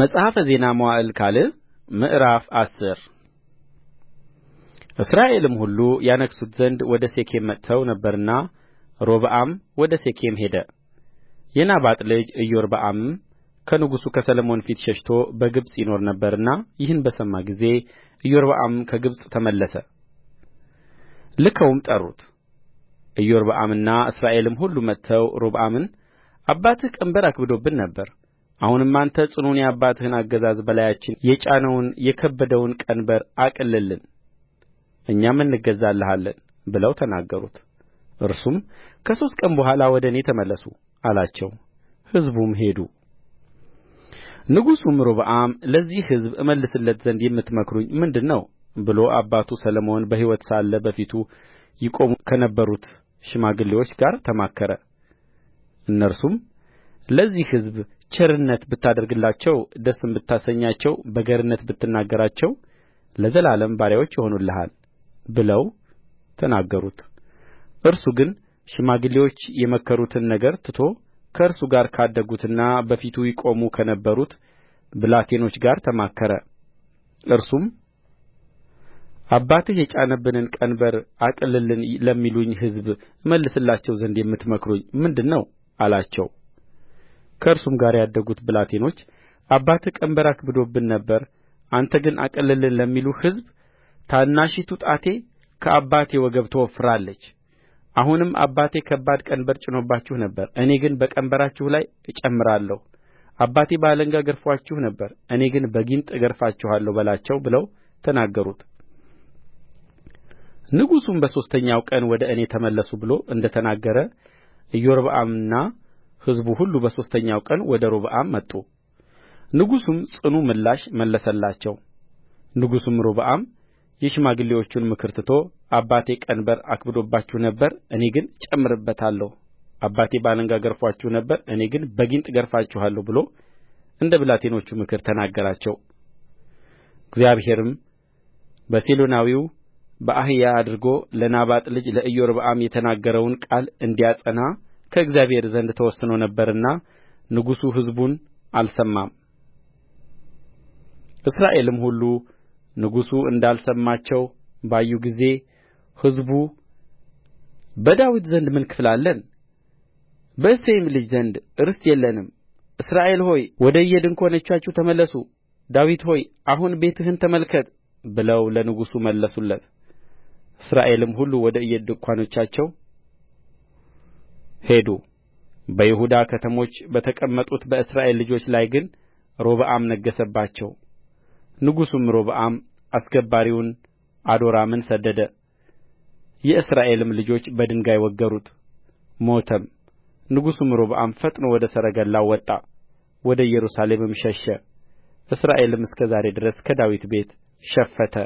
መጽሐፈ ዜና መዋዕል ካልዕ ምዕራፍ አስር እስራኤልም ሁሉ ያነግሡት ዘንድ ወደ ሴኬም መጥተው ነበርና ሮብዓም ወደ ሴኬም ሄደ። የናባጥ ልጅ ኢዮርብዓምም ከንጉሡ ከሰሎሞን ፊት ሸሽቶ በግብጽ ይኖር ነበርና ይህን በሰማ ጊዜ ኢዮርብዓም ከግብጽ ተመለሰ። ልከውም ጠሩት። ኢዮርብዓምና እስራኤልም ሁሉ መጥተው ሮብዓምን አባትህ ቀንበር አክብዶብን ነበር አሁንም አንተ ጽኑውን የአባትህን አገዛዝ በላያችን የጫነውን የከበደውን ቀንበር አቅልልልን እኛም እንገዛልሃለን ብለው ተናገሩት እርሱም ከሦስት ቀን በኋላ ወደ እኔ ተመለሱ አላቸው ሕዝቡም ሄዱ ንጉሡም ሮብዓም ለዚህ ሕዝብ እመልስለት ዘንድ የምትመክሩኝ ምንድር ነው ብሎ አባቱ ሰሎሞን በሕይወት ሳለ በፊቱ ይቆሙ ከነበሩት ሽማግሌዎች ጋር ተማከረ እነርሱም ለዚህ ሕዝብ ቸርነት ብታደርግላቸው ደስም ብታሰኛቸው በገርነት ብትናገራቸው ለዘላለም ባሪያዎች ይሆኑልሃል ብለው ተናገሩት እርሱ ግን ሽማግሌዎች የመከሩትን ነገር ትቶ ከእርሱ ጋር ካደጉትና በፊቱ ይቆሙ ከነበሩት ብላቴኖች ጋር ተማከረ እርሱም አባትህ የጫነብንን ቀንበር አቅልልልን ለሚሉኝ ሕዝብ እመልስላቸው ዘንድ የምትመክሩኝ ምንድር ነው አላቸው ከእርሱም ጋር ያደጉት ብላቴኖች አባትህ ቀንበር አክብዶብን ነበር አንተ ግን አቅልልልን ለሚሉህ ሕዝብ ታናሺቱ ጣቴ ከአባቴ ወገብ ትወፍራለች አሁንም አባቴ ከባድ ቀንበር ጭኖባችሁ ነበር እኔ ግን በቀንበራችሁ ላይ እጨምራለሁ አባቴ በአለንጋ ገርፎአችሁ ነበር እኔ ግን በጊንጥ እገርፋችኋለሁ በላቸው ብለው ተናገሩት ንጉሡም በሦስተኛው ቀን ወደ እኔ ተመለሱ ብሎ እንደ ተናገረ ኢዮርብዓምና ሕዝቡ ሁሉ በሦስተኛው ቀን ወደ ሮብዓም መጡ ንጉሡም ጽኑ ምላሽ መለሰላቸው ንጉሡም ሮብዓም የሽማግሌዎቹን ምክር ትቶ አባቴ ቀንበር አክብዶባችሁ ነበር እኔ ግን እጨምርበታለሁ አባቴ በአለንጋ ገርፎአችሁ ነበር እኔ ግን በጊንጥ እገርፋችኋለሁ ብሎ እንደ ብላቴኖቹ ምክር ተናገራቸው እግዚአብሔርም በሴሎናዊው በአሒያ አድርጎ ለናባጥ ልጅ ለኢዮርብዓም የተናገረውን ቃል እንዲያጸና ከእግዚአብሔር ዘንድ ተወስኖ ነበርና ንጉሡ ሕዝቡን አልሰማም እስራኤልም ሁሉ ንጉሡ እንዳልሰማቸው ባዩ ጊዜ ሕዝቡ በዳዊት ዘንድ ምን ክፍል አለን በእሴይም ልጅ ዘንድ ርስት የለንም እስራኤል ሆይ ወደ እየድንኳኖቻችሁ ተመለሱ ዳዊት ሆይ አሁን ቤትህን ተመልከት ብለው ለንጉሡ መለሱለት እስራኤልም ሁሉ ወደ እየድንኳኖቻቸው ሄዱ በይሁዳ ከተሞች በተቀመጡት በእስራኤል ልጆች ላይ ግን ሮብዓም ነገሠባቸው ንጉሡም ሮብዓም አስገባሪውን አዶራምን ሰደደ የእስራኤልም ልጆች በድንጋይ ወገሩት ሞተም ንጉሡም ሮብዓም ፈጥኖ ወደ ሰረገላው ወጣ ወደ ኢየሩሳሌምም ሸሸ እስራኤልም እስከ ዛሬ ድረስ ከዳዊት ቤት ሸፈተ